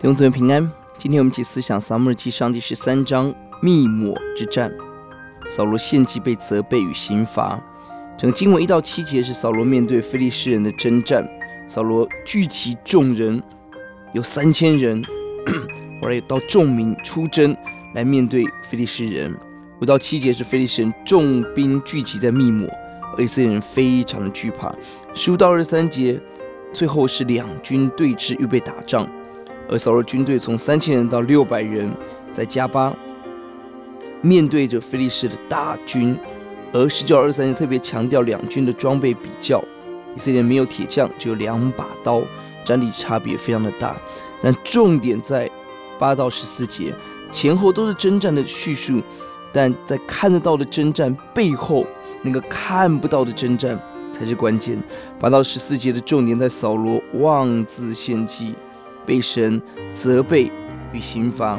弟兄姊妹平安，今天我們一起思想撒母耳記上第十三章密抹之戰。掃羅獻祭被責備與刑罰。整個經文一到七節是掃羅面對非利士人的征戰。掃羅聚集眾人，有三千人，或者有到眾民出征來面對非利士人。五到七節是非利士人重兵聚集在密抹，以色列人非常的懼怕。十五到二十三節，最後是兩軍對峙，預備打仗。而掃羅軍隊從三千人到六百人，在迦巴，面對着非利士的大軍。而十九、二十三節特別強調兩軍的裝備比較，以色列沒有鐵匠，只有兩把刀，戰力差別非常的大。但重點在八到十四節，前後都是征戰的敘述，但在看得到的征戰背後，那個看不到的征戰才是關鍵。八到十四節的重點在掃羅妄自獻祭。被神責備與刑罰，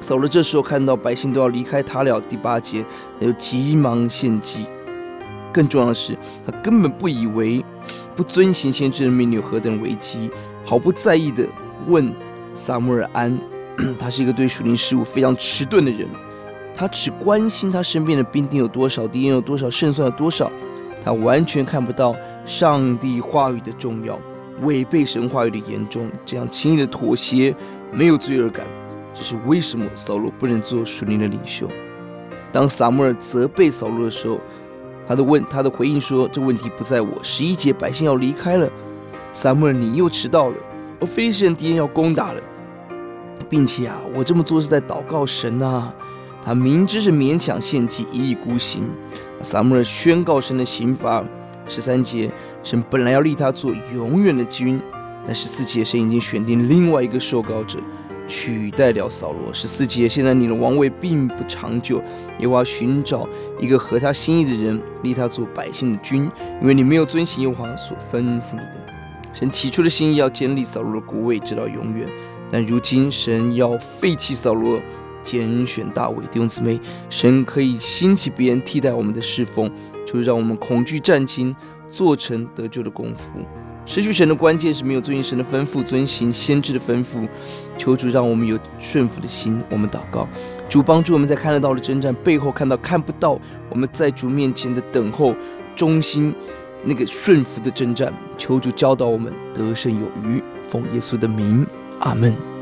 掃羅這時候看到百姓都要離開他了，第八節，他就急忙獻祭。更重要的是，他根本不以為不遵行先知的命令有何等危機，毫不在意的問撒母耳安。他是一個對屬靈事物非常遲鈍的人，他只關心他身邊的兵丁有多少，敵人有多少，勝算有多少，他完全看不到上帝話語的重要。違背神話語的嚴重，這樣輕易的妥協，沒有罪惡感，這是為什麼掃羅不能做屬靈的領袖？當撒母耳責備掃羅的時候，他的問，他的回應說：“這問題不在我。”十一節，百姓要離開了，撒母耳你又遲到了，而非利士人敵人要攻打了，並且啊，我這麼做是在禱告神啊，他明知是勉強獻祭，一意孤行。撒母耳宣告神的刑罰。十三節，神本來要立他做永遠的君，但十四節，神已經選定另外一個受膏者，取代了掃羅。十四節，現在你的王位並不長久，耶和華尋找一個合他心意的人，立他做百姓的君，因為你沒有遵行耶和華所吩咐你的。神起初的心意要建立掃羅的國位，直到永遠，但如今神要廢棄掃羅，揀選大衛。弟兄姊妹，神可以興起別人替代我們的侍奉。就讓我們恐懼戰兢，做成得救的功夫。失去神的關鍵是沒有遵循神的吩咐，遵行先知的吩咐。求主讓我們有順服的心。我們禱告，主幫助我們在看得到的征戰背後看到看不到。我們在主面前的等候、忠心、那個順服的征戰。求主教導我們得勝有餘，奉耶穌的名，阿門。